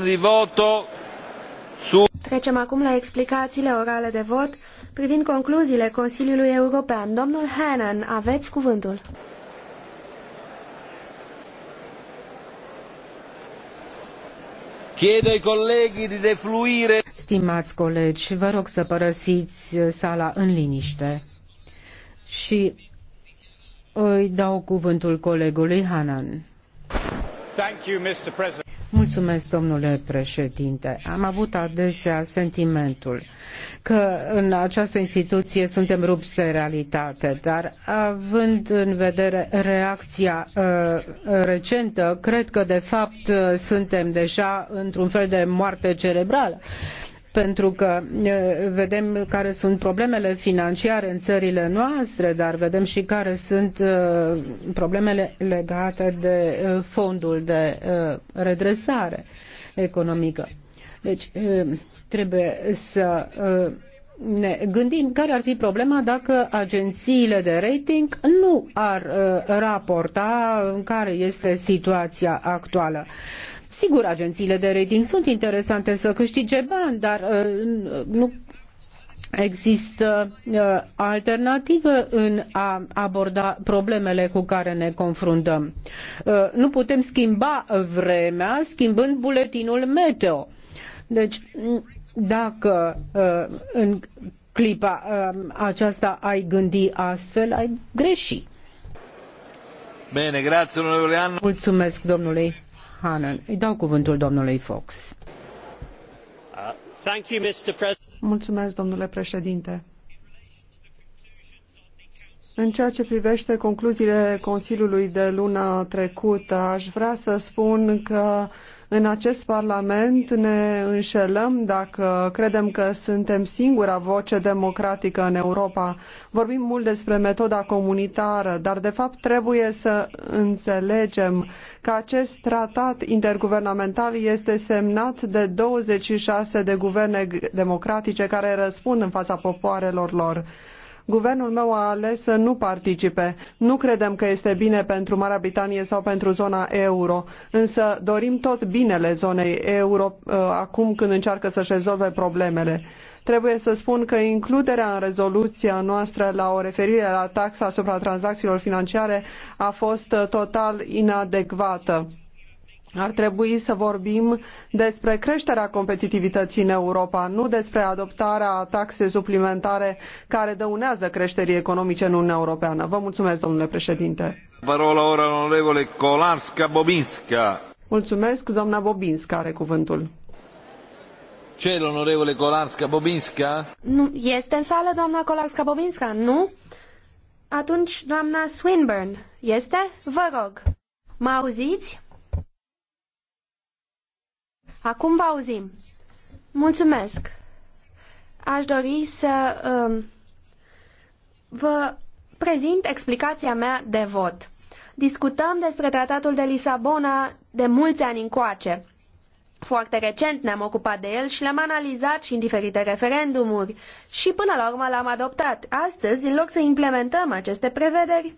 di voto su... Trecem acum la explicațiile orale de vot privind concluziile Consiliului European. Domnul Hannan, aveți cuvântul. Chiedo ai colleghi di defluire. Stimați colegi, vă rog să părăsiți uh, sala în liniște. Și îi dau cuvântul colegului Hanan. Thank you, Mr. President. Mulțumesc, domnule președinte. Am avut adesea sentimentul că în această instituție suntem rupți de realitate, dar având în vedere reacția uh, recentă, cred că de fapt uh, suntem deja într-un fel de moarte cerebrală pentru că vedem care sunt problemele financiare în țările noastre, dar vedem și care sunt problemele legate de fondul de redresare economică. Deci trebuie să ne gândim care ar fi problema dacă agențiile de rating nu ar raporta care este situația actuală. Sigur, agențiile de rating sunt interesante să câștige bani, dar uh, nu există uh, alternativă în a aborda problemele cu care ne confruntăm. Uh, nu putem schimba vremea schimbând buletinul meteo. Deci, dacă în clipa aceasta ai gândi astfel, ai greși. Bine, grație, domnule Mulțumesc, domnului Hanan. Îi dau cuvântul domnului Fox. Uh, Mulțumesc, domnule președinte. În ceea ce privește concluziile Consiliului de luna trecută, aș vrea să spun că în acest Parlament ne înșelăm dacă credem că suntem singura voce democratică în Europa. Vorbim mult despre metoda comunitară, dar de fapt trebuie să înțelegem că acest tratat interguvernamental este semnat de 26 de guverne democratice care răspund în fața popoarelor lor. Guvernul meu a ales să nu participe. Nu credem că este bine pentru Marea Britanie sau pentru zona euro, însă dorim tot binele zonei euro uh, acum când încearcă să-și rezolve problemele. Trebuie să spun că includerea în rezoluția noastră la o referire la taxa asupra tranzacțiilor financiare a fost uh, total inadecvată ar trebui să vorbim despre creșterea competitivității în Europa, nu despre adoptarea taxe suplimentare care dăunează creșterii economice în Uniunea Europeană. Vă mulțumesc, domnule președinte. Parola ora onorevole Kolarska Bobinska. Mulțumesc, doamna Bobinska are cuvântul. Ce, onorevole Kolarska Bobinska? Nu, este în sală doamna Kolarska Bobinska, nu? Atunci, doamna Swinburne, este? Vă rog. Mă auziți? Acum vă auzim. Mulțumesc. Aș dori să uh, vă prezint explicația mea de vot. Discutăm despre tratatul de Lisabona de mulți ani încoace. Foarte recent ne-am ocupat de el și l-am analizat și în diferite referendumuri și până la urmă l-am adoptat. Astăzi, în loc să implementăm aceste prevederi,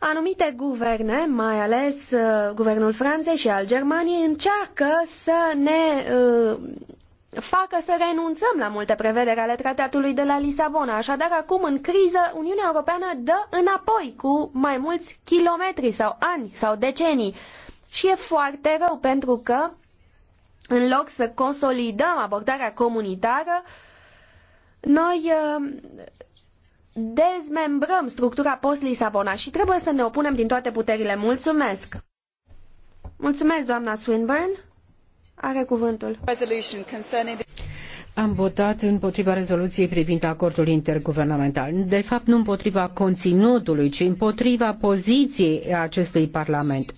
Anumite guverne, mai ales uh, guvernul Franței și al Germaniei, încearcă să ne uh, facă să renunțăm la multe prevederi ale tratatului de la Lisabona. Așadar, acum, în criză, Uniunea Europeană dă înapoi cu mai mulți kilometri sau ani sau decenii. Și e foarte rău pentru că, în loc să consolidăm abordarea comunitară, noi uh, dezmembrăm structura post-Lisabona și trebuie să ne opunem din toate puterile. Mulțumesc! Mulțumesc, doamna Swinburne. Are cuvântul. Am votat împotriva rezoluției privind acordul interguvernamental. De fapt, nu împotriva conținutului, ci împotriva poziției acestui Parlament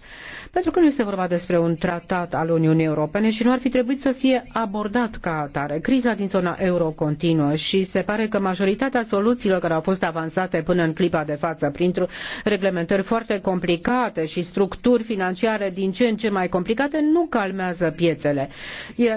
pentru că nu este vorba despre un tratat al Uniunii Europene și nu ar fi trebuit să fie abordat ca atare. Criza din zona euro continuă și se pare că majoritatea soluțiilor care au fost avansate până în clipa de față printr-o reglementări foarte complicate și structuri financiare din ce în ce mai complicate nu calmează piețele.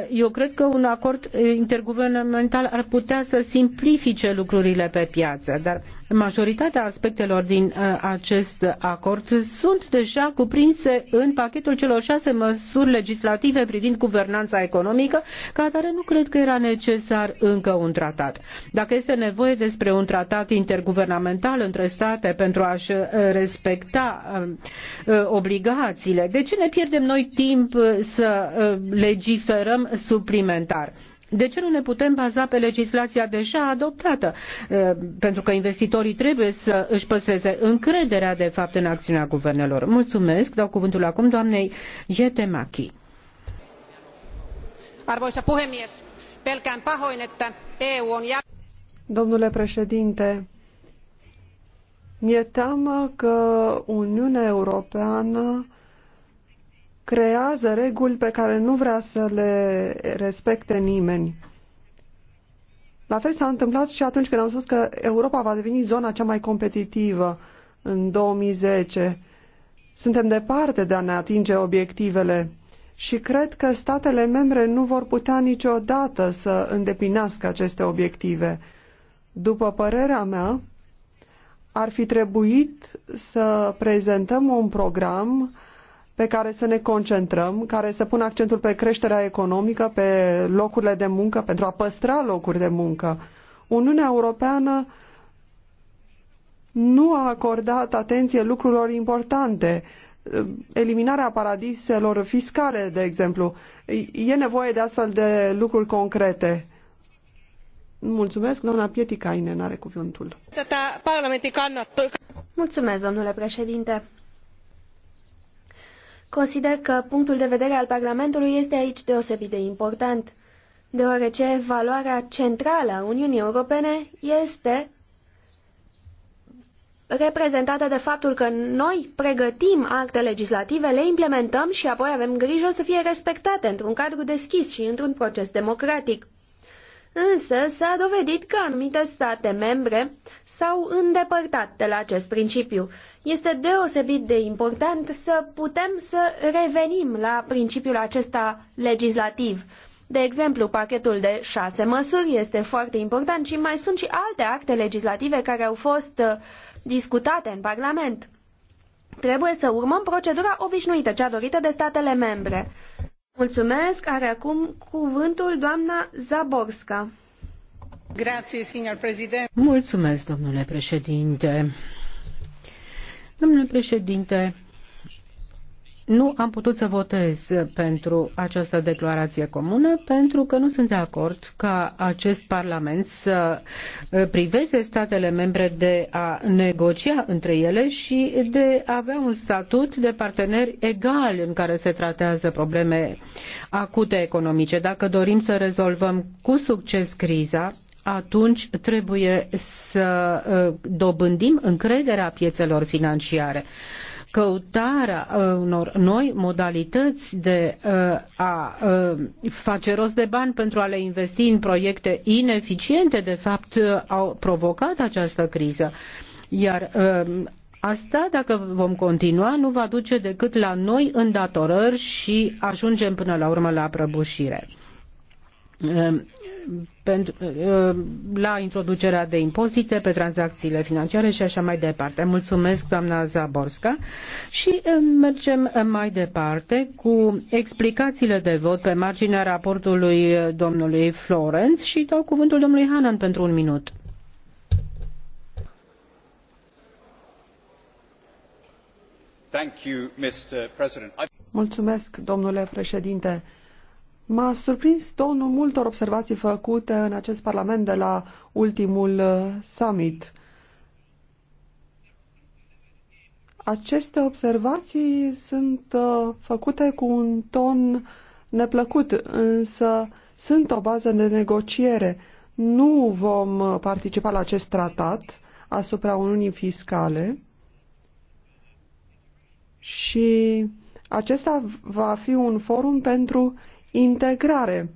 Eu cred că un acord interguvernamental ar putea să simplifice lucrurile pe piață, dar majoritatea aspectelor din uh, acest acord sunt deja cuprinse în în pachetul celor șase măsuri legislative privind guvernanța economică, ca atare nu cred că era necesar încă un tratat. Dacă este nevoie despre un tratat interguvernamental între state pentru a-și uh, respecta um, uh, obligațiile, de ce ne pierdem noi timp uh, să legiferăm suplimentar? De ce nu ne putem baza pe legislația deja adoptată? Pentru că investitorii trebuie să își păstreze încrederea, de fapt, în acțiunea guvernelor. Mulțumesc. Dau cuvântul acum doamnei Jetemaki. Arvoisa puhemies, pelkään pahoin, että EU on... Domnule președinte, mi-e teamă că Uniunea Europeană creează reguli pe care nu vrea să le respecte nimeni. La fel s-a întâmplat și atunci când am spus că Europa va deveni zona cea mai competitivă în 2010. Suntem departe de a ne atinge obiectivele și cred că statele membre nu vor putea niciodată să îndeplinească aceste obiective. După părerea mea, ar fi trebuit să prezentăm un program pe care să ne concentrăm, care să pună accentul pe creșterea economică, pe locurile de muncă, pentru a păstra locuri de muncă. Uniunea Europeană nu a acordat atenție lucrurilor importante, eliminarea paradiselor fiscale, de exemplu. E nevoie de astfel de lucruri concrete. Mulțumesc, doamna Pietikainen are cuvântul. Mulțumesc, domnule președinte. Consider că punctul de vedere al Parlamentului este aici deosebit de important, deoarece valoarea centrală a Uniunii Europene este reprezentată de faptul că noi pregătim acte legislative, le implementăm și apoi avem grijă să fie respectate într-un cadru deschis și într-un proces democratic. Însă s-a dovedit că anumite state membre s-au îndepărtat de la acest principiu. Este deosebit de important să putem să revenim la principiul acesta legislativ. De exemplu, pachetul de șase măsuri este foarte important și mai sunt și alte acte legislative care au fost uh, discutate în Parlament. Trebuie să urmăm procedura obișnuită, cea dorită de statele membre. Mulțumesc. Are acum cuvântul doamna Zaborska. Grazie, signor președinte. Mulțumesc, domnule președinte. Domnule președinte, nu am putut să votez pentru această declarație comună pentru că nu sunt de acord ca acest Parlament să uh, priveze statele membre de a negocia între ele și de a avea un statut de parteneri egal în care se tratează probleme acute economice. Dacă dorim să rezolvăm cu succes criza, atunci trebuie să uh, dobândim încrederea piețelor financiare căutarea uh, unor noi modalități de uh, a uh, face rost de bani pentru a le investi în proiecte ineficiente, de fapt, au provocat această criză. Iar Asta, dacă vom continua, nu va duce decât la noi îndatorări și ajungem până la urmă la prăbușire pentru, uh, la introducerea de impozite pe tranzacțiile financiare și așa mai departe. Mulțumesc, doamna Zaborska. Și uh, mergem mai departe cu explicațiile de vot pe marginea raportului uh, domnului Florence și dau cuvântul domnului Hanan pentru un minut. Mulțumesc, domnule președinte M-a surprins tonul multor observații făcute în acest Parlament de la ultimul uh, summit. Aceste observații sunt uh, făcute cu un ton neplăcut, însă sunt o bază de negociere. Nu vom uh, participa la acest tratat asupra Uniunii Fiscale și acesta va fi un forum pentru integrare.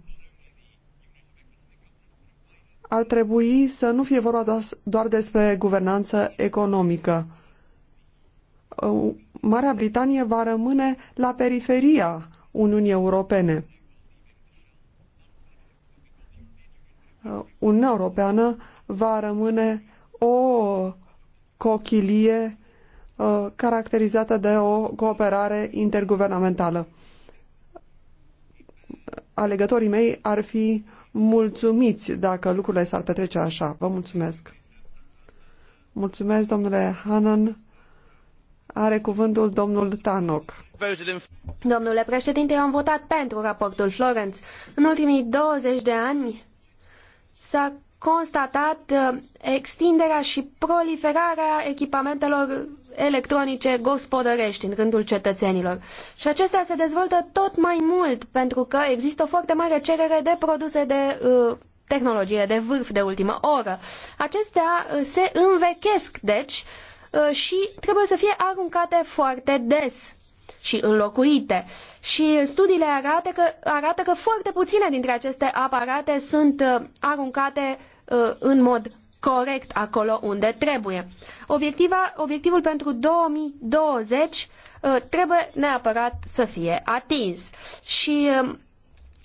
Ar trebui să nu fie vorba doar despre guvernanță economică. Marea Britanie va rămâne la periferia Uniunii Europene. Uniunea Europeană va rămâne o cochilie uh, caracterizată de o cooperare interguvernamentală alegătorii mei ar fi mulțumiți dacă lucrurile s-ar petrece așa. Vă mulțumesc. Mulțumesc, domnule Hanan. Are cuvântul domnul Tanok. Domnule președinte, eu am votat pentru raportul Florence. În ultimii 20 de ani s-a constatat uh, extinderea și proliferarea echipamentelor electronice gospodărești în rândul cetățenilor. Și acestea se dezvoltă tot mai mult pentru că există o foarte mare cerere de produse de uh, tehnologie de vârf de ultimă oră. Acestea uh, se învechesc, deci, uh, și trebuie să fie aruncate foarte des și înlocuite. Și studiile arată că, arată că foarte puține dintre aceste aparate sunt uh, aruncate uh, în mod corect acolo unde trebuie. Obiectiva, obiectivul pentru 2020 uh, trebuie neapărat să fie atins. Și um,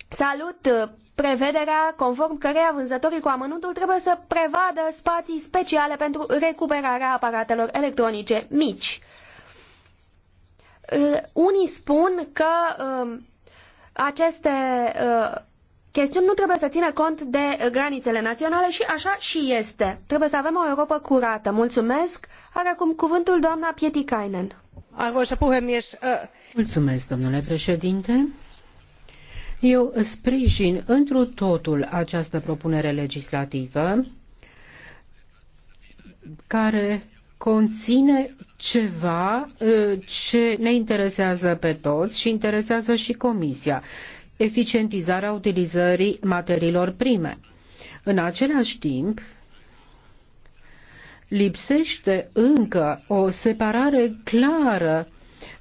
salut prevederea conform căreia vânzătorii cu amănuntul trebuie să prevadă spații speciale pentru recuperarea aparatelor electronice mici. Uh, unii spun că um, aceste uh, chestiuni nu trebuie să țină cont de granițele naționale și așa și este. Trebuie să avem o Europa curată. Mulțumesc. Are acum cuvântul doamna Pietikainen. Arvoisa puhemies. Uh, Mulțumesc, domnule președinte. Eu sprijin întru totul această propunere legislativă care conține ceva uh, ce ne interesează pe toți și interesează și Comisia, eficientizarea utilizării materiilor prime. În același timp, lipsește încă o separare clară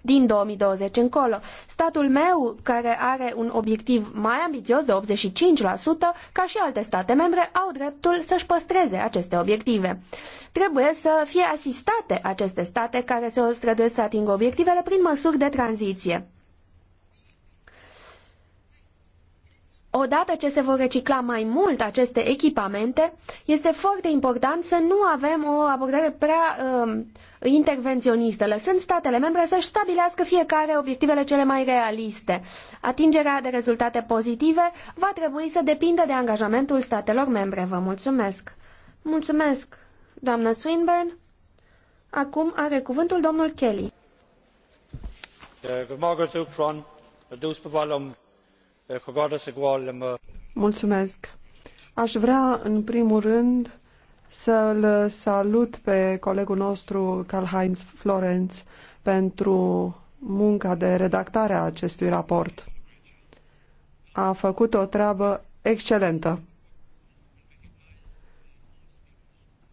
din 2020 încolo. Statul meu, care are un obiectiv mai ambițios de 85%, ca și alte state membre, au dreptul să-și păstreze aceste obiective. Trebuie să fie asistate aceste state care se străduiesc să atingă obiectivele prin măsuri de tranziție. Odată ce se vor recicla mai mult aceste echipamente, este foarte important să nu avem o abordare prea um, intervenționistă, lăsând statele membre să-și stabilească fiecare obiectivele cele mai realiste. Atingerea de rezultate pozitive va trebui să depindă de angajamentul statelor membre. Vă mulțumesc! Mulțumesc, doamnă Swinburne! Acum are cuvântul domnul Kelly. Uh, Mulțumesc. Aș vrea, în primul rând, să-l salut pe colegul nostru, Karl-Heinz Florenz, pentru munca de redactare a acestui raport. A făcut o treabă excelentă.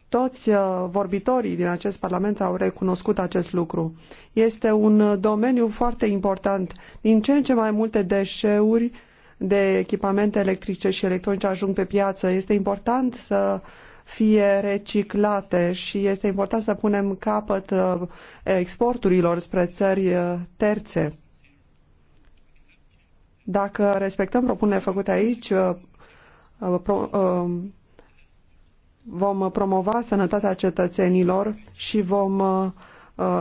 Toți uh, vorbitorii din acest parlament au recunoscut acest lucru. Este un domeniu foarte important. Din ce în ce mai multe deșeuri de echipamente electrice și electronice ajung pe piață. Este important să fie reciclate și este important să punem capăt uh, exporturilor spre țări uh, terțe. Dacă respectăm propunerile făcute aici, uh, vom promova sănătatea cetățenilor și vom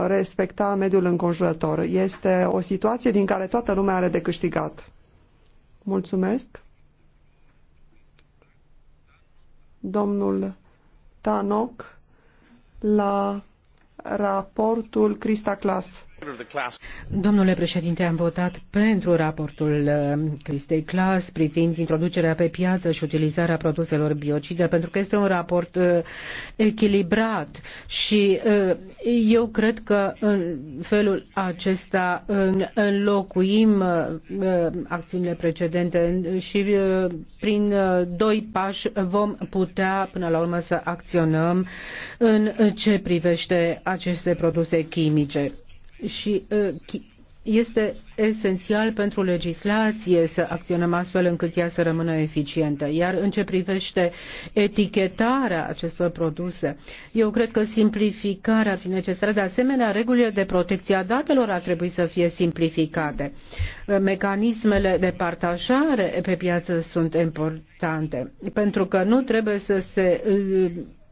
respecta mediul înconjurător. Este o situație din care toată lumea are de câștigat. Mulțumesc. Domnul Tanoc la raportul Crista Clas. Domnule președinte, am votat pentru raportul uh, Cristei Clas privind introducerea pe piață și utilizarea produselor biocide, pentru că este un raport uh, echilibrat și uh, eu cred că în felul acesta înlocuim acțiunile precedente și prin doi pași vom putea până la urmă să acționăm în ce privește aceste produse chimice și uh, este esențial pentru legislație să acționăm astfel încât ea să rămână eficientă. Iar în ce privește etichetarea acestor produse, eu cred că simplificarea ar fi necesară. De asemenea, regulile de protecție a datelor ar trebui să fie simplificate. Mecanismele de partajare pe piață sunt importante, pentru că nu trebuie să se uh,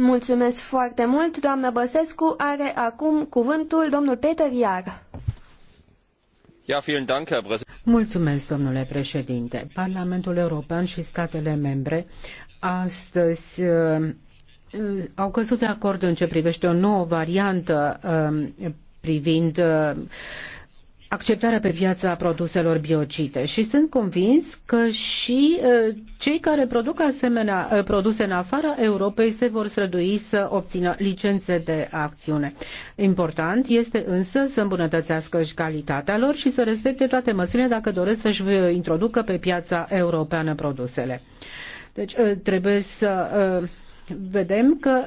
Mulțumesc foarte mult, doamnă Băsescu. Are acum cuvântul domnul Peter Iar. Mulțumesc, domnule președinte. Parlamentul European și statele membre astăzi uh, au căzut de acord în ce privește o nouă variantă um, privind uh, acceptarea pe piața produselor biocite și sunt convins că și cei care produc asemenea produse în afara Europei se vor strădui să obțină licențe de acțiune. Important este însă să îmbunătățească și calitatea lor și să respecte toate măsurile dacă doresc să-și introducă pe piața europeană produsele. Deci trebuie să vedem că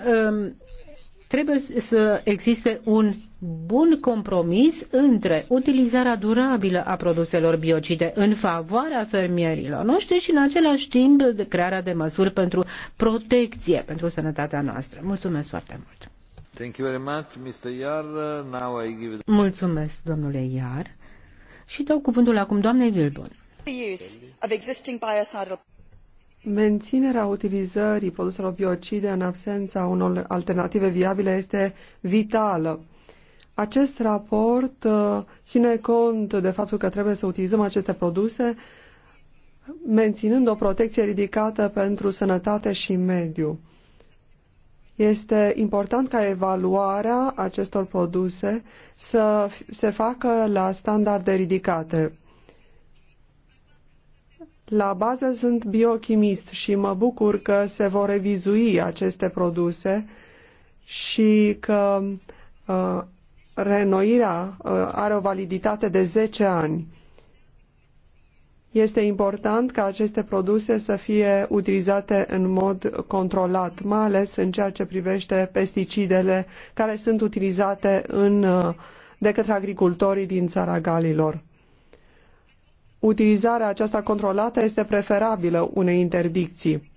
trebuie să existe un bun compromis între utilizarea durabilă a produselor biocide în favoarea fermierilor noștri și în același timp crearea de măsuri pentru protecție pentru sănătatea noastră. Mulțumesc foarte mult! Thank you very much, Mr. Iar. Now I give the... Mulțumesc, domnule Iar. Și dau cuvântul acum doamnei Wilbon. Menținerea utilizării produselor biocide în absența unor alternative viabile este vitală. Acest raport uh, ține cont de faptul că trebuie să utilizăm aceste produse menținând o protecție ridicată pentru sănătate și mediu. Este important ca evaluarea acestor produse să se facă la standarde ridicate. La bază sunt biochimist și mă bucur că se vor revizui aceste produse și că uh, reînnoirea uh, are o validitate de 10 ani. Este important ca aceste produse să fie utilizate în mod controlat, mai ales în ceea ce privește pesticidele care sunt utilizate în, uh, de către agricultorii din țara Galilor. Utilizarea aceasta controlată este preferabilă unei interdicții.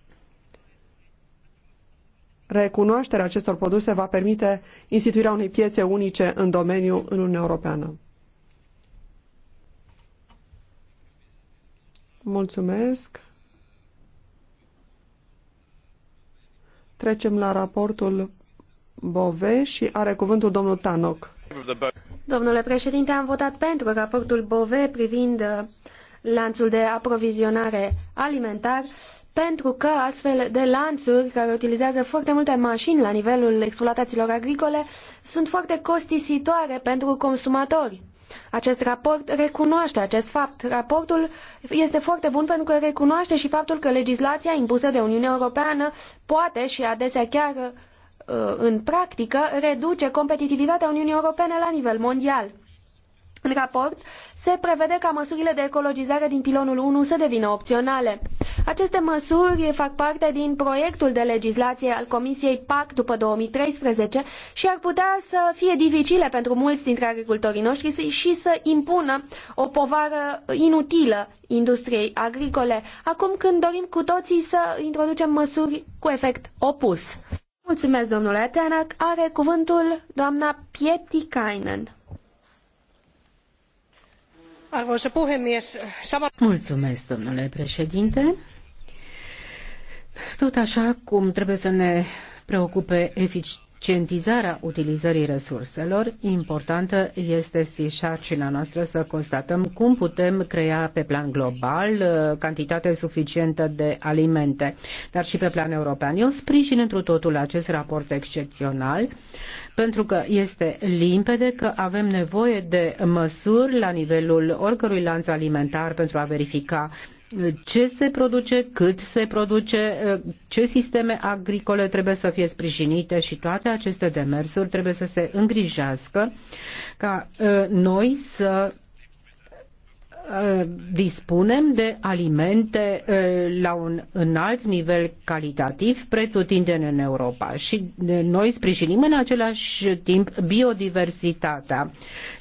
Recunoașterea acestor produse va permite instituirea unei piețe unice în domeniu în Uniunea Europeană. Mulțumesc. Trecem la raportul Bove și are cuvântul domnul Tanoc. Domnule președinte, am votat pentru raportul Bove privind uh, lanțul de aprovizionare alimentar pentru că astfel de lanțuri care utilizează foarte multe mașini la nivelul exploatațiilor agricole sunt foarte costisitoare pentru consumatori. Acest raport recunoaște acest fapt. Raportul este foarte bun pentru că recunoaște și faptul că legislația impusă de Uniunea Europeană poate și adesea chiar uh, în practică reduce competitivitatea Uniunii Europene la nivel mondial. În raport se prevede ca măsurile de ecologizare din pilonul 1 să devină opționale. Aceste măsuri fac parte din proiectul de legislație al Comisiei PAC după 2013 și ar putea să fie dificile pentru mulți dintre agricultorii noștri și să impună o povară inutilă industriei agricole, acum când dorim cu toții să introducem măsuri cu efect opus. Mulțumesc, domnule Teanac. Are cuvântul doamna Pieti Kainen. Arvoisa puhemies, sama... Mulțumesc, domnule președinte. Tot așa cum trebuie să ne preocupe efic eficientizarea utilizării resurselor, importantă este și sarcina noastră să constatăm cum putem crea pe plan global uh, cantitate suficientă de alimente, dar și pe plan european. Eu sprijin întru totul acest raport excepțional pentru că este limpede că avem nevoie de măsuri la nivelul oricărui lanț alimentar pentru a verifica ce se produce, cât se produce, ce sisteme agricole trebuie să fie sprijinite și toate aceste demersuri trebuie să se îngrijească ca uh, noi să Eh, dispunem de alimente eh, la un înalt nivel calitativ pretutindeni în Europa și eh, noi sprijinim în același timp biodiversitatea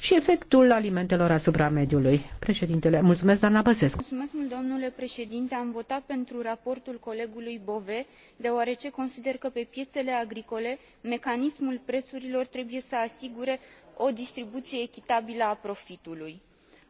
și efectul alimentelor asupra mediului. Președintele, mulțumesc doamna Băsescu. Mulțumesc mult, domnule președinte. Am votat pentru raportul colegului Bove, deoarece consider că pe piețele agricole mecanismul prețurilor trebuie să asigure o distribuție echitabilă a profitului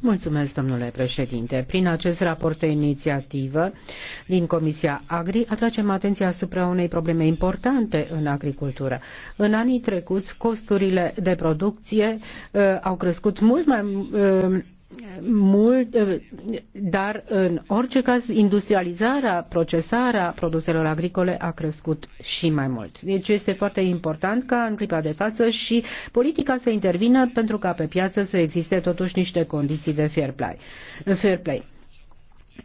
Mulțumesc, domnule președinte. Prin acest raport de inițiativă din Comisia Agri atragem atenția asupra unei probleme importante în agricultură. În anii trecuți, costurile de producție uh, au crescut mult mai uh, mult, eh, dar în orice caz industrializarea, procesarea produselor agricole a crescut și mai mult. Deci este foarte important ca în clipa de față și politica să intervină pentru ca pe piață să existe totuși niște condiții de fair play. Fair play.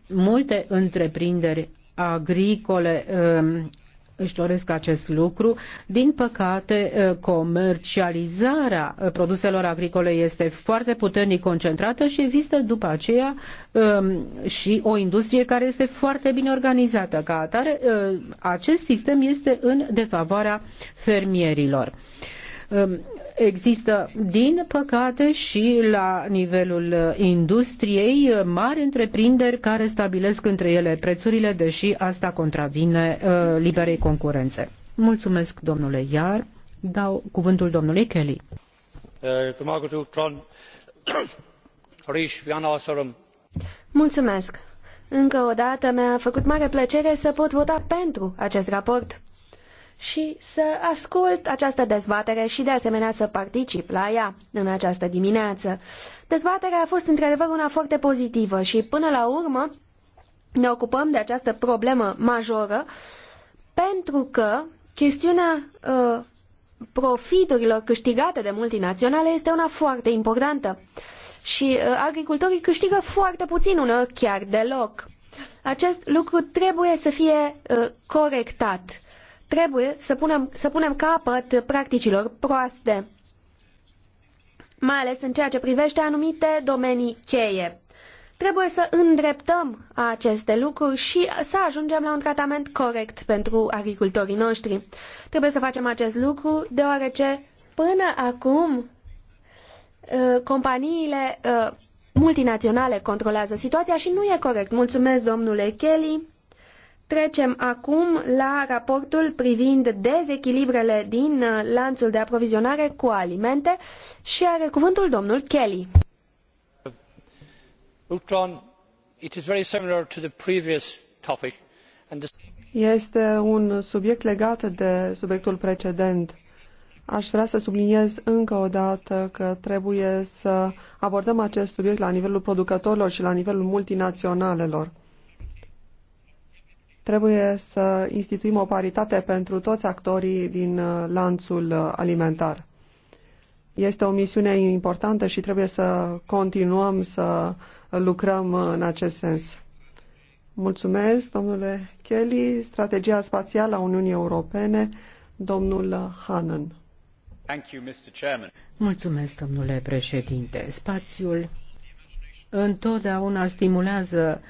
Multe întreprinderi agricole eh, își doresc acest lucru. Din păcate, eh, comercializarea eh, produselor agricole este foarte puternic concentrată și există după aceea ehm, și o industrie care este foarte bine organizată. Ca atare, eh, acest sistem este în defavoarea fermierilor ehm, Există, din păcate, și la nivelul industriei uh, mari întreprinderi care stabilesc între ele prețurile, deși asta contravine uh, liberei concurențe. Mulțumesc, domnule Iar. Dau cuvântul domnului Kelly. Mulțumesc. Încă o dată mi-a făcut mare plăcere să pot vota pentru acest raport și să ascult această dezbatere și de asemenea să particip la ea în această dimineață. Dezbaterea a fost într-adevăr una foarte pozitivă și până la urmă ne ocupăm de această problemă majoră pentru că chestiunea uh, profiturilor câștigate de multinaționale este una foarte importantă și uh, agricultorii câștigă foarte puțin, uneori chiar deloc. Acest lucru trebuie să fie uh, corectat Trebuie să punem, să punem capăt practicilor proaste, mai ales în ceea ce privește anumite domenii cheie. Trebuie să îndreptăm aceste lucruri și să ajungem la un tratament corect pentru agricultorii noștri. Trebuie să facem acest lucru deoarece până acum uh, companiile uh, multinaționale controlează situația și nu e corect. Mulțumesc, domnule Kelly. Trecem acum la raportul privind dezechilibrele din uh, lanțul de aprovizionare cu alimente și are cuvântul domnul Kelly. Este un subiect legat de subiectul precedent. Aș vrea să subliniez încă o dată că trebuie să abordăm acest subiect la nivelul producătorilor și la nivelul multinaționalelor. Trebuie să instituim o paritate pentru toți actorii din uh, lanțul uh, alimentar. Este o misiune importantă și trebuie să continuăm să lucrăm uh, în acest sens. Mulțumesc, domnule Kelly. Strategia spațială a Uniunii Europene, domnul Hannan. Mulțumesc, domnule președinte. Spațiul întotdeauna stimulează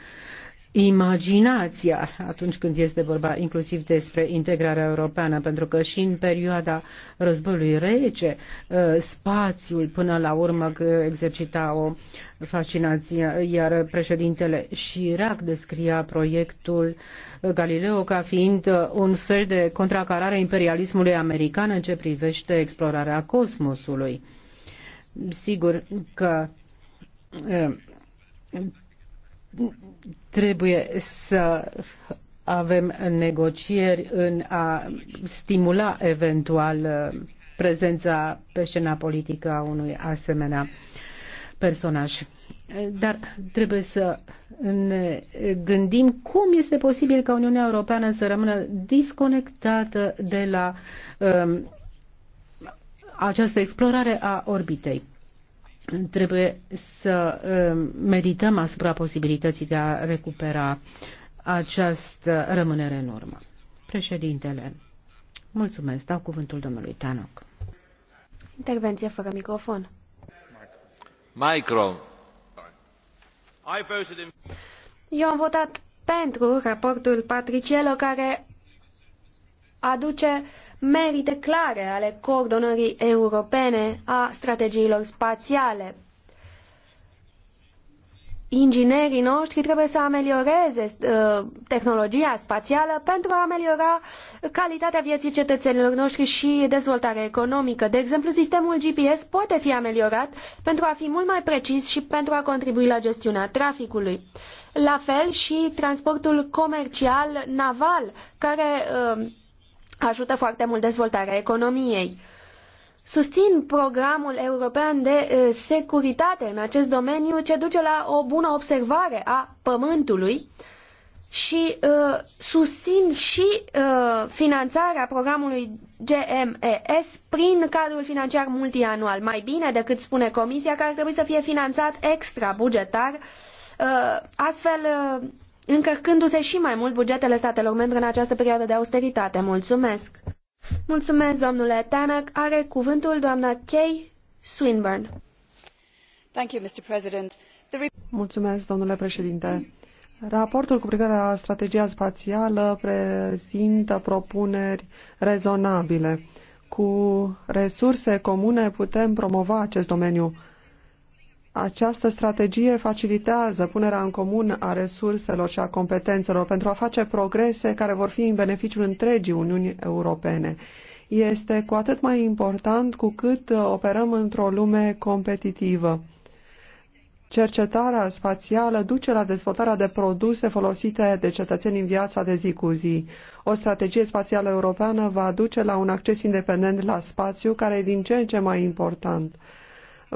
imaginația atunci când este vorba inclusiv despre integrarea europeană, pentru că și în perioada războiului rece, uh, spațiul până la urmă exercita o fascinație, iar președintele Chirac descria proiectul Galileo ca fiind uh, un fel de contracarare imperialismului american în ce privește explorarea cosmosului. Sigur că uh, trebuie să avem negocieri în a stimula eventual uh, prezența pe scena politică a unui asemenea personaj. Dar trebuie să ne gândim cum este posibil ca Uniunea Europeană să rămână disconectată de la um, această explorare a orbitei trebuie să uh, medităm asupra posibilității de a recupera această rămânere în urmă. Președintele, mulțumesc. Dau cuvântul domnului Tanoc. Intervenție fără microfon. Micro. Eu am votat pentru raportul Patriciello care aduce merite clare ale coordonării europene a strategiilor spațiale. Inginerii noștri trebuie să amelioreze uh, tehnologia spațială pentru a ameliora calitatea vieții cetățenilor noștri și dezvoltarea economică. De exemplu, sistemul GPS poate fi ameliorat pentru a fi mult mai precis și pentru a contribui la gestiunea traficului. La fel și transportul comercial naval, care uh, ajută foarte mult dezvoltarea economiei. Susțin programul european de securitate în acest domeniu ce duce la o bună observare a pământului și uh, susțin și uh, finanțarea programului GMES prin cadrul financiar multianual, mai bine decât spune Comisia, care ar trebui să fie finanțat extra bugetar. Uh, astfel, uh, încărcându-se și mai mult bugetele statelor membre în această perioadă de austeritate. Mulțumesc! Mulțumesc, domnule Tanak. Are cuvântul doamna Kay Swinburne. Mulțumesc, domnule președinte. Raportul cu privire la strategia spațială prezintă propuneri rezonabile. Cu resurse comune putem promova acest domeniu această strategie facilitează punerea în comun a resurselor și a competențelor pentru a face progrese care vor fi în beneficiul întregii Uniuni Europene. Este cu atât mai important cu cât uh, operăm într-o lume competitivă. Cercetarea spațială duce la dezvoltarea de produse folosite de cetățeni în viața de zi cu zi. O strategie spațială europeană va duce la un acces independent la spațiu care e din ce în ce mai important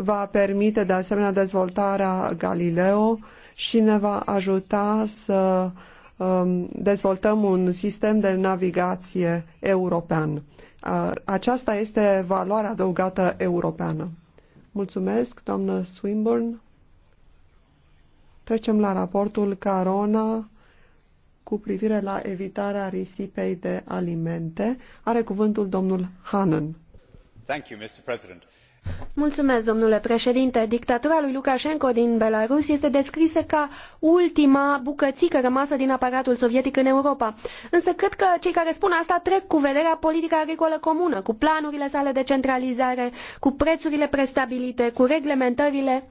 va permite de asemenea dezvoltarea Galileo și ne va ajuta să um, dezvoltăm un sistem de navigație european. Aceasta este valoarea adăugată europeană. Mulțumesc, doamnă Swinburne. Trecem la raportul Carona cu privire la evitarea risipei de alimente. Are cuvântul domnul Hannan. Thank you, Mr. President. Mulțumesc, domnule președinte. Dictatura lui Lukashenko din Belarus este descrisă ca ultima bucățică rămasă din aparatul sovietic în Europa. Însă cred că cei care spun asta trec cu vederea politica agricolă comună, cu planurile sale de centralizare, cu prețurile prestabilite, cu reglementările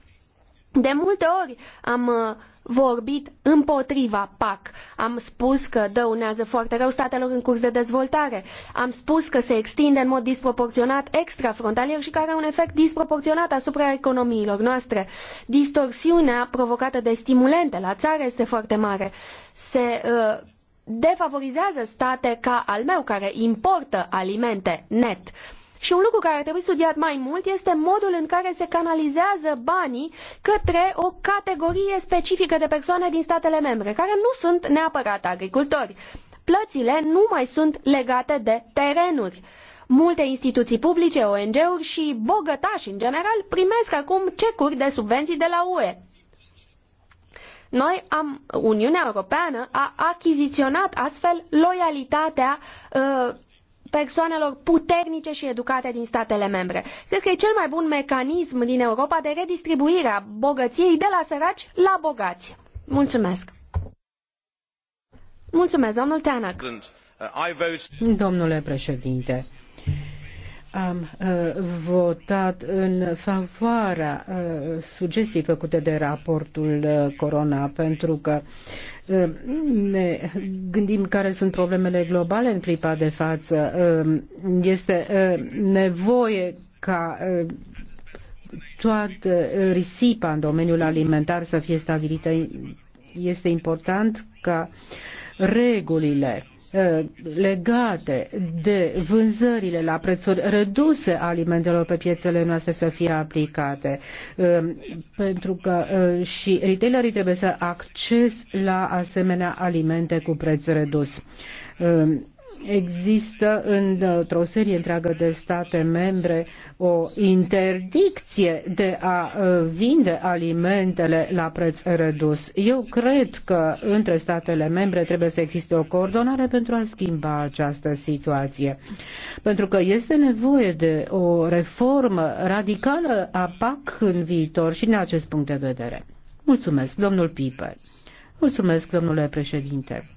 de multe ori am uh, vorbit împotriva PAC. Am spus că dăunează foarte rău statelor în curs de dezvoltare. Am spus că se extinde în mod disproporționat extrafrontalier și că are un efect disproporționat asupra economiilor noastre. Distorsiunea provocată de stimulente la țară este foarte mare. Se uh, defavorizează state ca al meu care importă alimente net. Și un lucru care ar trebui studiat mai mult este modul în care se canalizează banii către o categorie specifică de persoane din statele membre, care nu sunt neapărat agricultori. Plățile nu mai sunt legate de terenuri. Multe instituții publice, ONG-uri și bogătași în general primesc acum cecuri de subvenții de la UE. Noi am, Uniunea Europeană a achiziționat astfel loialitatea uh, persoanelor puternice și educate din statele membre. Cred că e cel mai bun mecanism din Europa de redistribuire a bogăției de la săraci la bogați. Mulțumesc! Mulțumesc, domnul Teanac! Uh, Domnule președinte, am uh, votat în favoarea uh, sugestii făcute de raportul uh, Corona, pentru că uh, ne gândim care sunt problemele globale în clipa de față. Uh, este uh, nevoie ca uh, toată risipa în domeniul alimentar să fie stabilită. Este important ca regulile Uh, legate de vânzările la prețuri reduse a alimentelor pe piețele noastre să fie aplicate, um, pentru că uh, și retailerii trebuie să acces la asemenea alimente cu preț redus. Um, există într-o serie întreagă de state membre o interdicție de a uh, vinde alimentele la preț redus. Eu cred că între statele membre trebuie să existe o coordonare pentru a schimba această situație. Pentru că este nevoie de o reformă radicală a PAC în viitor și din acest punct de vedere. Mulțumesc, domnul Piper. Mulțumesc, domnule președinte.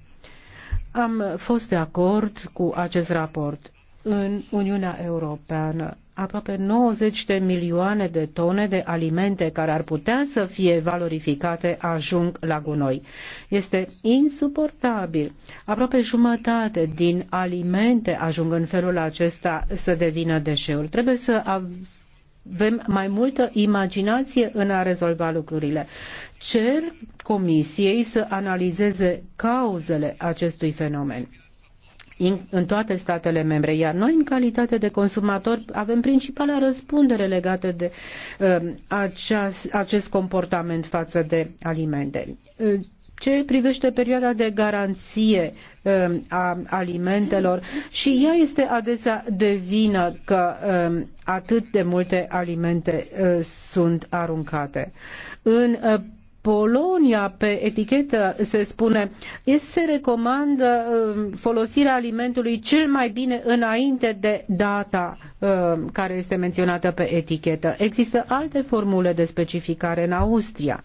Am fost de acord cu acest raport. În Uniunea Europeană, aproape 90 de milioane de tone de alimente care ar putea să fie valorificate ajung la gunoi. Este insuportabil. Aproape jumătate din alimente ajung în felul acesta să devină deșeuri. Trebuie să avem mai multă imaginație în a rezolva lucrurile. Cer Comisiei să analizeze cauzele acestui fenomen în toate statele membre, iar noi, în calitate de consumatori, avem principala răspundere legată de uh, aceas, acest comportament față de alimente. Uh, ce privește perioada de garanție um, a alimentelor și ea este adesea de vină că um, atât de multe alimente uh, sunt aruncate. În uh, Polonia pe etichetă se spune se recomandă um, folosirea alimentului cel mai bine înainte de data care este menționată pe etichetă. Există alte formule de specificare în Austria.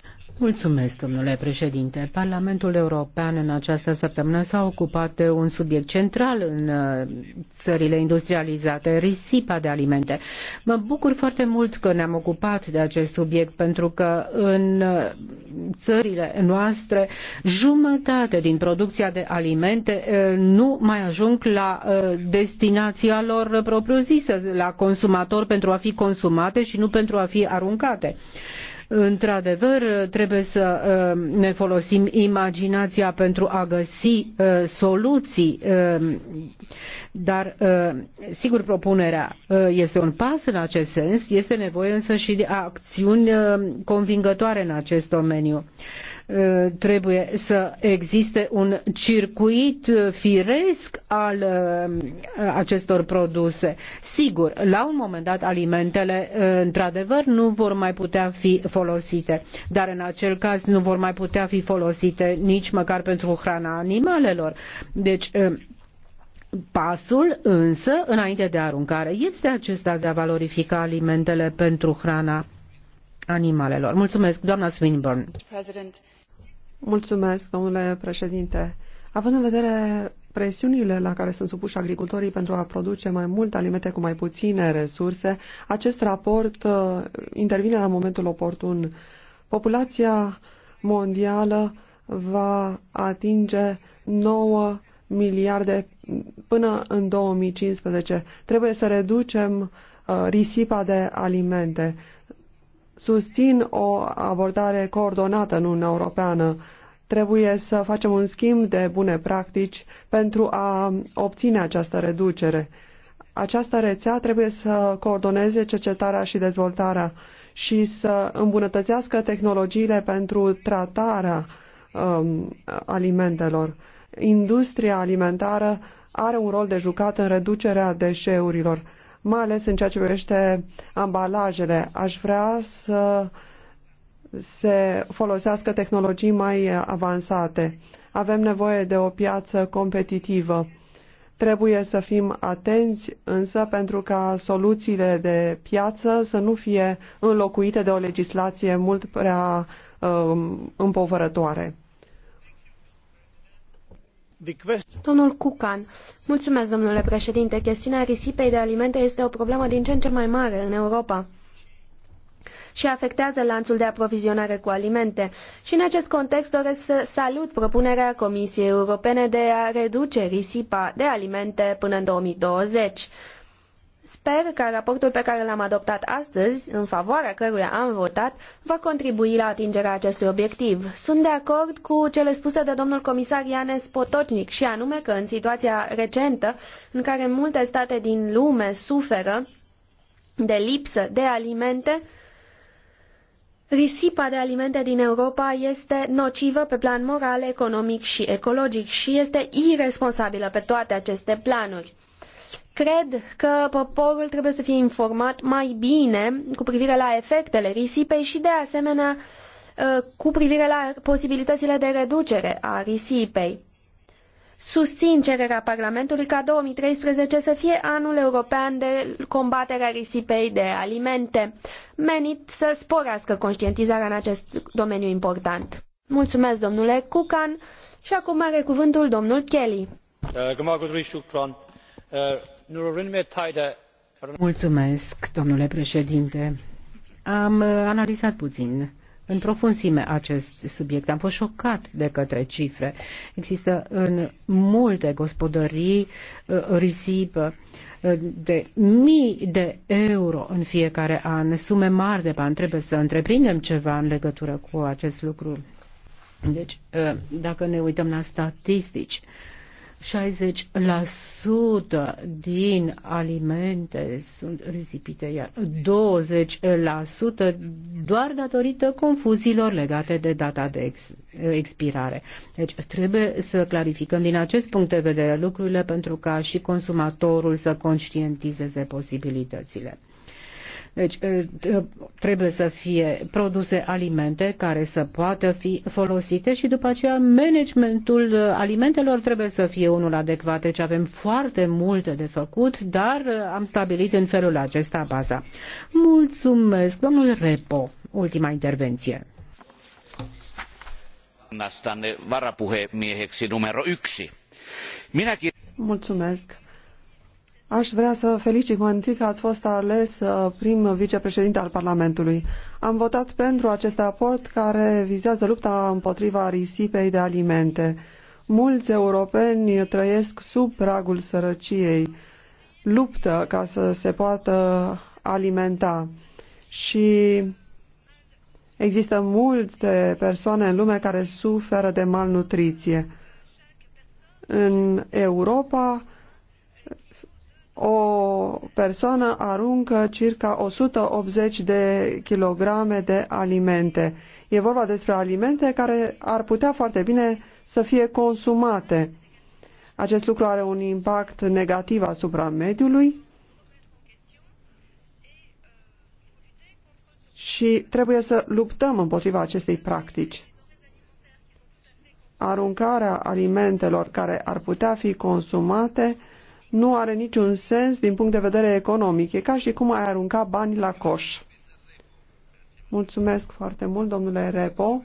Mulțumesc, domnule președinte. Parlamentul European în această săptămână s-a ocupat de un subiect central în uh, țările industrializate, risipa de alimente. Mă bucur foarte mult că ne-am ocupat de acest subiect pentru că în uh, țările noastre jumătate din producția de alimente uh, nu mai ajung la destinația lor propriu-zisă, la consumator pentru a fi consumate și nu pentru a fi aruncate. Într-adevăr, trebuie să uh, ne folosim imaginația pentru a găsi uh, soluții, uh, dar sigur propunerea este un pas în acest sens, este nevoie însă și de acțiuni convingătoare în acest domeniu. Eh, trebuie să existe un circuit eh, firesc al eh, acestor produse. Sigur, la un moment dat alimentele într-adevăr nu vor mai putea fi folosite, dar în acel caz nu vor mai putea fi folosite nici măcar pentru hrana animalelor. Deci Pasul însă, înainte de aruncare, este acesta de a valorifica alimentele pentru hrana animalelor. Mulțumesc, doamna Swinburne. President. Mulțumesc, domnule președinte. Având în vedere presiunile la care sunt supuși agricultorii pentru a produce mai multe alimente cu mai puține resurse, acest raport uh, intervine la momentul oportun. Populația mondială va atinge 9 miliarde până în 2015. Trebuie să reducem uh, risipa de alimente susțin o abordare coordonată în Uniunea Europeană. Trebuie să facem un schimb de bune practici pentru a obține această reducere. Această rețea trebuie să coordoneze cercetarea și dezvoltarea și să îmbunătățească tehnologiile pentru tratarea um, alimentelor. Industria alimentară are un rol de jucat în reducerea deșeurilor mai ales în ceea ce privește ambalajele. Aș vrea să se folosească tehnologii mai avansate. Avem nevoie de o piață competitivă. Trebuie să fim atenți însă pentru ca soluțiile de piață să nu fie înlocuite de o legislație mult prea um, împovărătoare. Domnul Cucan, mulțumesc, domnule președinte. Chestiunea risipei de alimente este o problemă din ce în ce mai mare în Europa și afectează lanțul de aprovizionare cu alimente. Și în acest context doresc să salut propunerea Comisiei Europene de a reduce risipa de alimente până în 2020. Sper că raportul pe care l-am adoptat astăzi, în favoarea căruia am votat, va contribui la atingerea acestui obiectiv. Sunt de acord cu cele spuse de domnul comisar Ianes Potocnic și anume că în situația recentă, în care multe state din lume suferă de lipsă de alimente, Risipa de alimente din Europa este nocivă pe plan moral, economic și ecologic și este irresponsabilă pe toate aceste planuri. Cred că poporul trebuie să fie informat mai bine cu privire la efectele risipei și, de asemenea, ă, cu privire la posibilitățile de reducere a risipei. Susțin cererea Parlamentului ca 2013 să fie anul european de combatere a risipei de alimente, menit să sporească conștientizarea în acest domeniu important. Mulțumesc, domnule Cucan, și acum are cuvântul domnul Kelly. Uh, Mulțumesc, domnule președinte. Am uh, analizat puțin în profunzime acest subiect. Am fost șocat de către cifre. Există în multe gospodării uh, risipă uh, de mii de euro în fiecare an, sume mari de bani. Trebuie să întreprindem ceva în legătură cu acest lucru. Deci, dacă ne uităm la statistici, 60% din alimente sunt risipite, iar 20% doar datorită confuziilor legate de data de ex- expirare. Deci trebuie să clarificăm din acest punct de vedere lucrurile pentru ca și consumatorul să conștientizeze posibilitățile. Deci ă, ă, trebuie să fie produse alimente care să poată fi folosite și după aceea managementul ă, alimentelor trebuie să fie unul adecvat. Deci avem foarte multe de făcut, dar am stabilit în felul acesta baza. Mulțumesc, domnul Repo. Ultima intervenție varapuhemieheksi numero 1. Minäkin... Mulțumesc. Aș vrea să felicit mai întâi că ați fost ales uh, prim vicepreședinte al Parlamentului. Am votat pentru acest raport care vizează lupta împotriva risipei de alimente. Mulți europeni trăiesc sub pragul sărăciei, luptă ca să se poată alimenta și există multe persoane în lume care suferă de malnutriție. În Europa, o persoană aruncă circa 180 de kilograme de alimente. E vorba despre alimente care ar putea foarte bine să fie consumate. Acest lucru are un impact negativ asupra mediului și trebuie să luptăm împotriva acestei practici. Aruncarea alimentelor care ar putea fi consumate nu are niciun sens din punct de vedere economic. E ca și cum ai arunca bani la coș. Mulțumesc foarte mult, domnule Repo.